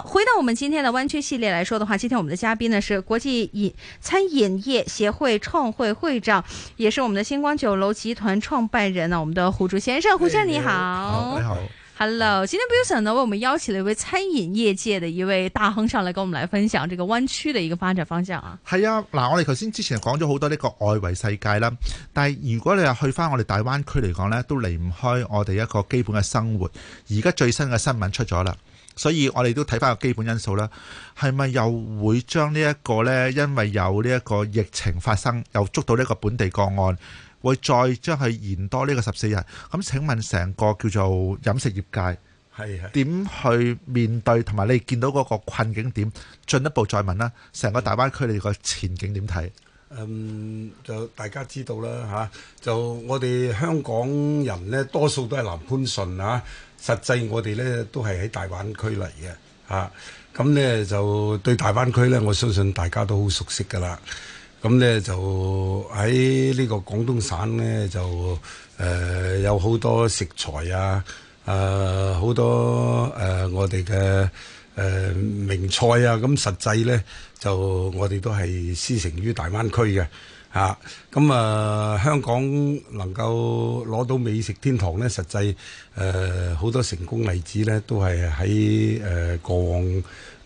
回到我們今天的灣區系列來說的話，今天我們的嘉賓呢是國際飲餐飲業協會創會會長，也是我們的新光酒樓集團創辦人呢，我們的胡珠先生，胡先生你好。你好，Hello。今天 Beyond 呢為我們邀請了一位餐飲業界的一位大亨上嚟，跟我們來分享這個灣區的一個發展方向啊。係啊，嗱，我哋頭先之前講咗好多呢個外圍世界啦，但係如果你又去翻我哋大灣區嚟講呢，都離唔開我哋一個基本嘅生活。而家最新嘅新聞出咗啦。所以我哋都睇翻個基本因素啦，係咪又會將呢一個呢？因為有呢一個疫情發生，又捉到呢個本地個案，會再將佢延多呢個十四日。咁請問成個叫做飲食業界，係係點去面對同埋你見到嗰個困境點？進一步再問啦，成個大灣區你個前景點睇？嗯，就大家知道啦嚇、啊，就我哋香港人呢，多數都係南番順嚇、啊，實際我哋呢，都係喺大灣區嚟嘅嚇，咁、啊、呢，就對大灣區呢，我相信大家都好熟悉㗎喇。咁呢，就喺呢個廣東省呢，就誒、呃、有好多食材啊，誒、呃、好多誒、呃、我哋嘅。誒、呃、名菜啊！咁實際呢，就我哋都係師承於大灣區嘅嚇。咁啊、嗯呃，香港能夠攞到美食天堂呢，實際誒好、呃、多成功例子呢，都係喺誒過往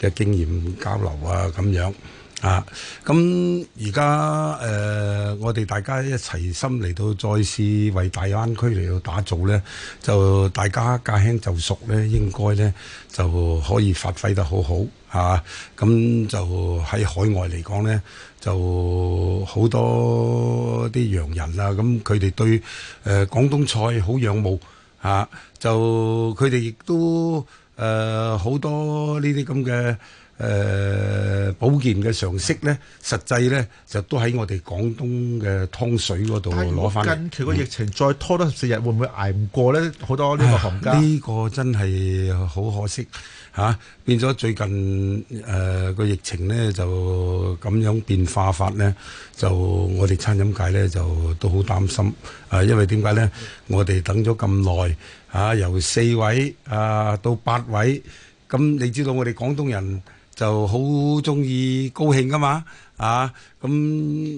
嘅經驗交流啊咁樣。啊！咁而家誒，我哋大家一齊心嚟到再次為大灣區嚟到打造呢，就大家駕輕就熟呢，應該呢就可以發揮得好好嚇。咁、啊、就喺海外嚟講呢，就好多啲洋人啦、啊。咁佢哋對誒、呃、廣東菜好仰慕嚇、啊，就佢哋亦都誒好、呃、多呢啲咁嘅。誒、呃、保健嘅常識呢，實際呢，就都喺我哋廣東嘅湯水嗰度攞翻嚟。近期個疫情、嗯、再拖多十四日，會唔會捱唔過呢？好多呢個行家呢個真係好可惜嚇、啊，變咗最近誒個、啊、疫情呢，就咁樣變化法呢，就我哋餐飲界呢，就都好擔心啊！因為點解呢？我哋等咗咁耐嚇，由四位啊到八位，咁、啊、你知道我哋廣東人。就好中意高興噶嘛，啊，咁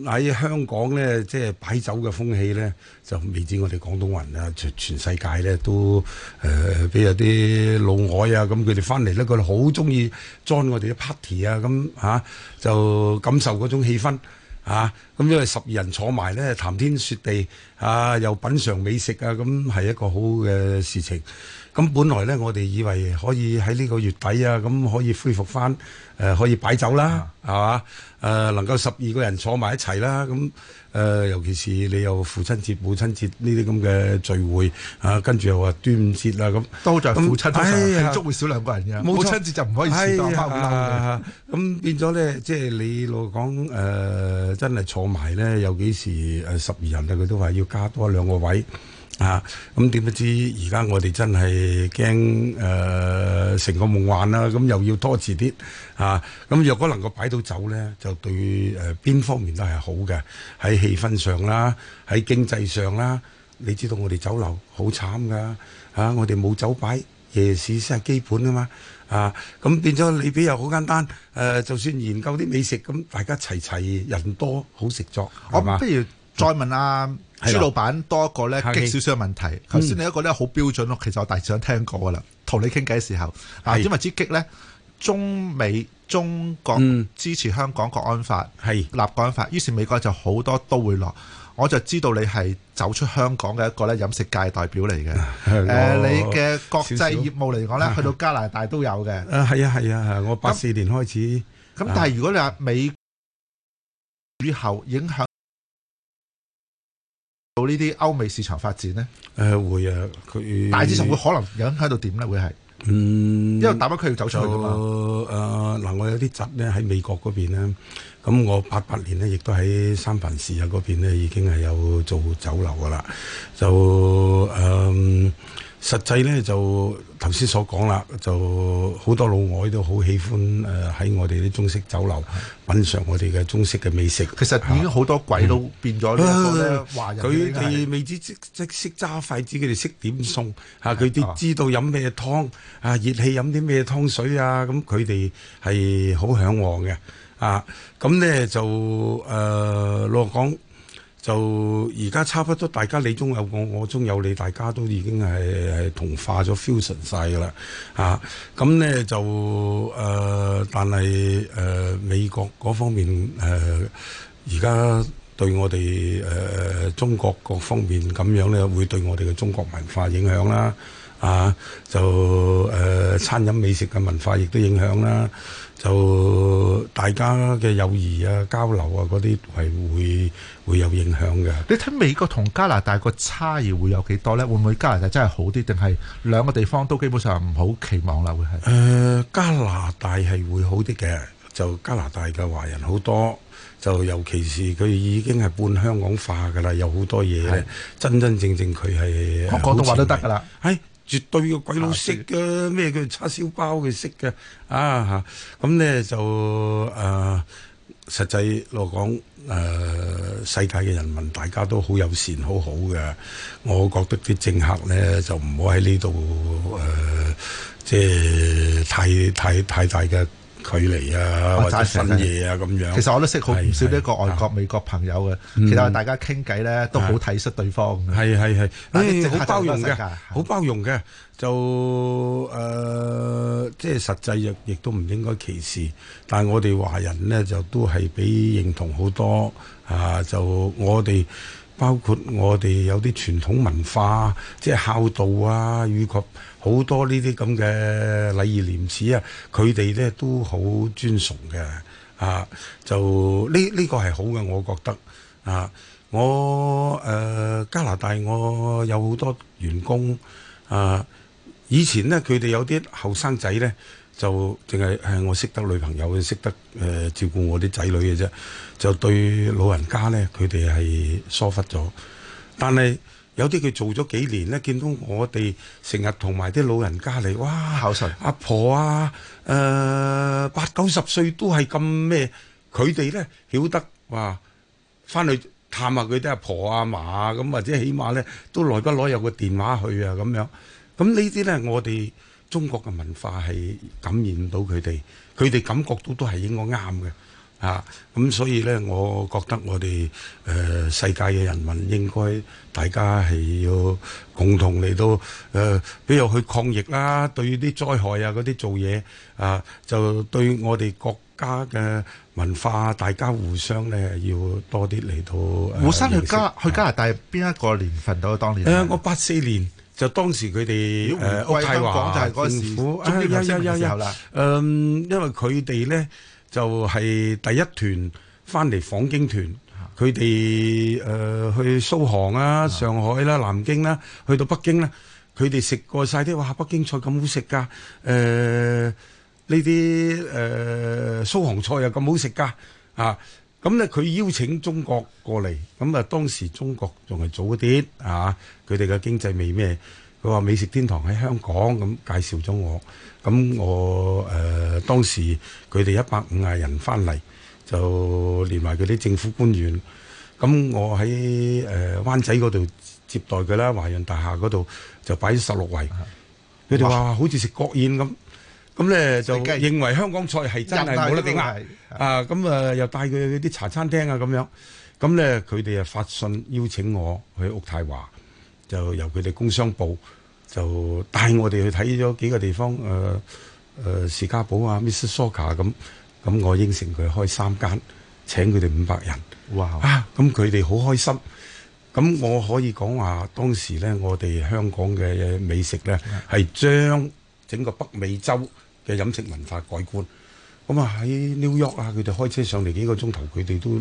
喺香港咧，即、就、係、是、擺酒嘅風氣咧，就未止我哋廣東人啦、啊，全全世界咧都誒，比如啲老外啊，咁佢哋翻嚟咧，佢哋好中意 join 我哋啲 party 啊，咁嚇、啊、就感受嗰種氣氛嚇，咁、啊、因為十二人坐埋咧，談天說地。啊！又品嚐美食啊，咁係一個好嘅事情。咁本來咧，我哋以為可以喺呢個月底啊，咁可以恢復翻，誒可以擺酒啦，係嘛？誒能夠十二個人坐埋一齊啦，咁誒尤其是你又父親節、母親節呢啲咁嘅聚會啊，跟住又話端午節啦，咁多好在父親節會少兩個人嘅，母親節就唔可以少。咁變咗咧，即係你老講誒，真係坐埋咧，有幾時誒十二人咧，佢都話要。加多兩個位啊！咁點不知而家我哋真係驚誒成個夢幻啦！咁又要拖遲啲啊！咁若果能夠擺到酒咧，就對誒邊方面都係好嘅。喺氣氛上啦，喺經濟上啦，你知道我哋酒樓好慘噶啊，我哋冇酒擺，夜市先係基本啊嘛啊！咁變咗你畀又好簡單誒，就算研究啲美食咁，大家齊齊人多好食作。我不如。再問啊，朱老闆多一個呢激少少嘅問題。頭先你一個呢好標準咯，其實我大致都聽過噶啦。同你傾偈時候，因為之激呢，中美中國支持香港國安法，立國安法，於是美國就好多都會落。我就知道你係走出香港嘅一個呢飲食界代表嚟嘅。誒，你嘅國際業務嚟講呢，去到加拿大都有嘅。啊，係啊，係啊，我八四年開始。咁但係如果你話美雨後影響？到呢啲歐美市場發展咧，誒、呃、會啊佢，大致上會可能有影響喺度點咧，會係，嗯，因為大灣區要走出去嘛。誒嗱、呃呃，我有啲侄咧喺美國嗰邊咧，咁我八八年咧亦都喺三藩市啊嗰邊咧已經係有做酒樓噶啦，就。誒、呃。實際咧就頭先所講啦，就好多老外都好喜歡誒喺、呃、我哋啲中式酒樓品嚐、呃、我哋嘅中式嘅美食。其實已經好多鬼佬變咗，佢哋未知即即識揸筷子，佢哋識點餸嚇，佢、啊、哋知道飲咩湯啊，熱氣飲啲咩湯水啊，咁佢哋係好嚮往嘅啊。咁咧就誒，老、呃、實講就而家差不多，大家你中有我，我中有你，大家都已經係係同化咗 fusion 晒曬啦吓，咁、啊、呢就誒、呃，但係誒、呃、美國嗰方面誒，而、呃、家對我哋誒、呃、中國各方面咁樣呢，會對我哋嘅中國文化影響啦。啊！就誒、呃，餐飲美食嘅文化亦都影響啦。就大家嘅友誼啊、交流啊嗰啲係會會有影響嘅。你睇美國同加拿大個差異會有幾多呢？會唔會加拿大真係好啲，定係兩個地方都基本上唔好期望啦？會係誒、呃、加拿大係會好啲嘅。就加拿大嘅華人好多，就尤其是佢已經係半香港化㗎啦，有好多嘢、啊、真真正正佢係我講話都得㗎啦。哎絕對個鬼佬識㗎，咩、啊、叫叉燒包佢識㗎，啊嚇！咁、啊、咧、嗯、就誒、呃，實際來講誒、呃，世界嘅人民大家都好友善，好好嘅。我覺得啲政客咧就唔好喺呢度誒，即係太太太大嘅。距離啊，或者新嘢啊，咁樣其實我都識好唔少呢個外國美國朋友嘅，是是是是其實大家傾偈咧都好體恤對方。係係係，好包容嘅，好的包容嘅，就誒、呃、即係實際亦亦都唔應該歧視，但係我哋華人呢，就都係畀認同好多啊！就我哋包括我哋有啲傳統文化，即係孝道啊，與及。好多呢啲咁嘅禮儀廉恥啊！佢哋咧都好尊崇嘅啊！就呢呢個係好嘅，我覺得啊，我誒加拿大我有好多員工啊，以前咧佢哋有啲後生仔咧就淨係誒我識得女朋友，識得誒照顧我啲仔女嘅啫，就對老人家咧佢哋係疏忽咗，但係。有啲佢做咗幾年咧，見到我哋成日同埋啲老人家嚟，哇！孝順阿婆啊，誒、呃、八九十歲都係咁咩？佢哋咧曉得話，翻去探下佢啲阿婆阿嫲咁，或者起碼咧都耐不耐有個電話去啊咁樣。咁呢啲咧，我哋中國嘅文化係感染到佢哋，佢哋感覺到都係應該啱嘅。啊！咁所以咧，我覺得我哋誒世界嘅人民應該大家係要共同嚟到誒，比如去抗疫啦，對於啲災害啊嗰啲做嘢啊，就對我哋國家嘅文化，大家互相咧要多啲嚟到我去加去加拿大邊一個年份到？當年誒，我八四年就當時佢哋誒講就係嗰陣時啦。嗯，因為佢哋咧。就係第一團翻嚟訪京團，佢哋誒去蘇杭啊、上海啦、啊、南京啦、啊，去到北京啦，佢哋食過晒啲哇，北京菜咁好食㗎。誒呢啲誒蘇杭菜又咁好食㗎啊！咁咧佢邀請中國過嚟，咁、嗯、啊當時中國仲係早一啲啊，佢哋嘅經濟未咩？佢話美食天堂喺香港咁介紹咗我，咁我誒、呃、當時佢哋一百五廿人翻嚟，就連埋佢啲政府官員，咁我喺誒、呃、灣仔嗰度接待佢啦，華潤大廈嗰度就擺咗十六圍，佢哋話好似食國宴咁，咁咧就認為香港菜係真係冇得頂啊！啊、嗯，咁、呃、啊又帶佢去啲茶餐廳啊咁樣，咁咧佢哋啊發信邀請我去屋太華。就由佢哋工商部就帶我哋去睇咗幾個地方，誒、呃，誒、呃，士嘉堡啊、Miss Soka 咁，咁我應承佢開三間，請佢哋五百人，哇 Wow.、啊！咁佢哋好開心。咁我可以講話，當時咧，我哋香港嘅美食咧，係將 Yeah. 整個北美洲嘅飲食文化改觀，咁啊喺紐約啊，佢哋開車上嚟幾個鐘頭，佢哋都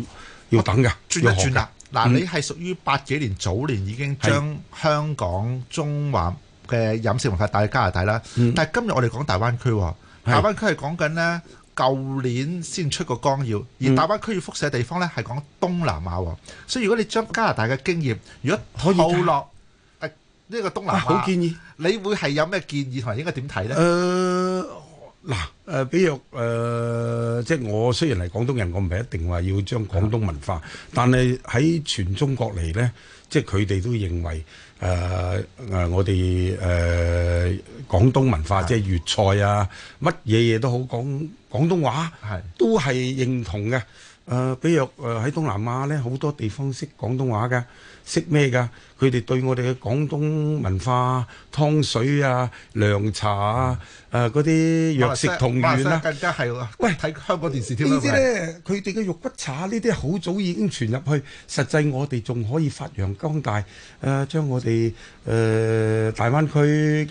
要等噶，啊、等轉一的轉啦。嗱，你係屬於八幾年早年已經將香港中華嘅飲食文化帶去加拿大啦。但係今日我哋講大灣區喎，大灣區係講緊呢舊年先出個綱要，而大灣區要輻射嘅地方呢係講東南亞喎。所以如果你將加拿大嘅經驗，如果套落誒呢個東南亞，好建議，你會係有咩建議同埋應該點睇呢？誒，嗱。誒、呃，比如誒、呃，即係我雖然係廣東人，我唔係一定話要將廣東文化，的但係喺全中國嚟呢，即係佢哋都認為誒誒、呃呃，我哋誒、呃、廣東文化，即係粵菜啊，乜嘢嘢都好，講廣東話，都係認同嘅。誒、呃，比如誒喺、呃、東南亞咧，好多地方識廣東話㗎，識咩噶？佢哋對我哋嘅廣東文化、湯水啊、涼茶啊、誒嗰啲藥食同源啦、啊，話說話說更加係喎。喂，睇香港電視添，呢啲咧，佢哋嘅肉骨茶呢啲好早已經傳入去，實際我哋仲可以發揚光大。誒、呃，將我哋誒、呃、大灣區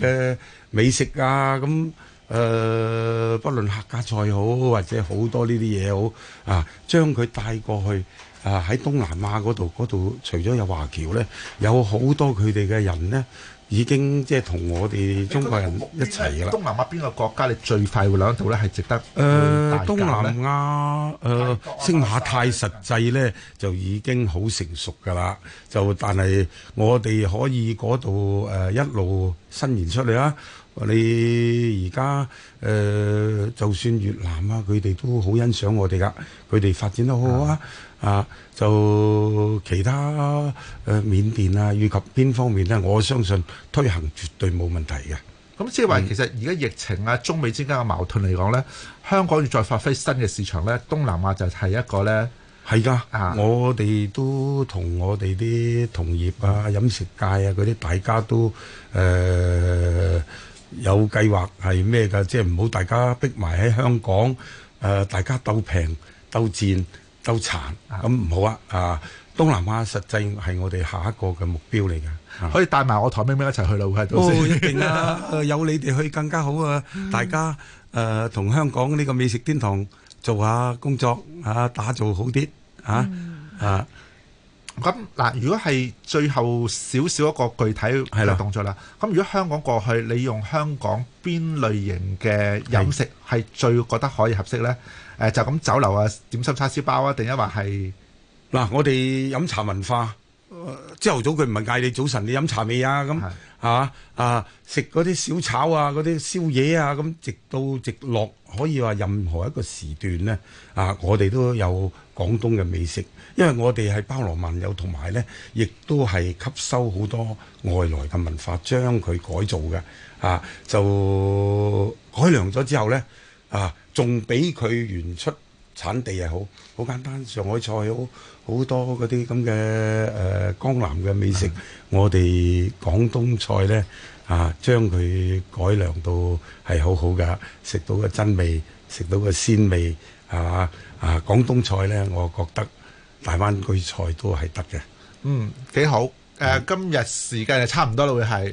嘅美食啊咁。誒、呃，不論客家菜好，或者好多呢啲嘢好，啊，將佢帶過去啊，喺東南亞嗰度度，除咗有華僑咧，有好多佢哋嘅人咧，已經即係同我哋中國人一齊㗎啦。東南亞邊個國家你最快會留喺度咧？係值得誒、呃，東南亞誒，呃啊、星馬泰實際咧、嗯、就已經好成熟㗎啦。就但係我哋可以嗰度誒一路伸延出嚟啊！你而家誒，就算越南啊，佢哋都好欣賞我哋噶，佢哋發展得好好啊！啊，啊，就其他誒、呃、緬甸啊，以及邊方面咧，我相信推行絕對冇問題嘅。咁即係話，其實而家疫情啊，嗯、中美之間嘅矛盾嚟講咧，香港要再發揮新嘅市場咧，東南亞就係一個咧，係噶的，啊！我哋都同我哋啲同業啊、飲食界啊嗰啲，大家都誒。呃有計劃係咩㗎？即係唔好大家逼埋喺香港誒，大家鬥平、鬥戰、鬥殘咁唔好啊！啊，東南亞實際係我哋下一個嘅目標嚟㗎，可以帶埋我台咩咩一齊去啦，會係都。哦，一定啊！有你哋去更加好啊！大家誒同香港呢個美食天堂做下工作嚇，打造好啲嚇啊！咁嗱，如果係最後少少一個具體嘅動作啦，咁的如果香港過去你用香港邊類型嘅飲食係最覺得可以合適呢？誒的、呃，就咁酒樓啊，點心叉燒包啊，定抑或係嗱，我哋飲茶文化。朝頭早佢唔係嗌你早晨，你飲茶未是的 啊？咁係啊？食嗰啲小炒啊，嗰啲宵夜啊，咁、啊、直到直落，可以話任何一個時段呢，啊，我哋都有廣東嘅美食，因為我哋係包羅萬有，同埋呢亦都係吸收好多外來嘅文化，將佢改造嘅啊，就改良咗之後呢，啊，仲俾佢原出產地又好，好簡單，上海菜好。好多嗰啲咁嘅誒江南嘅美食，嗯、我哋廣東菜呢，啊，將佢改良到係好好噶，食到個真味，食到個鮮味，係、啊、嘛啊？廣東菜呢，我覺得大灣區菜都係得嘅。嗯，幾好誒、呃！今日時間就差唔多啦，會係。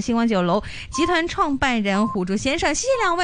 新光酒樓集團創辦人胡珠先生，謝謝兩位。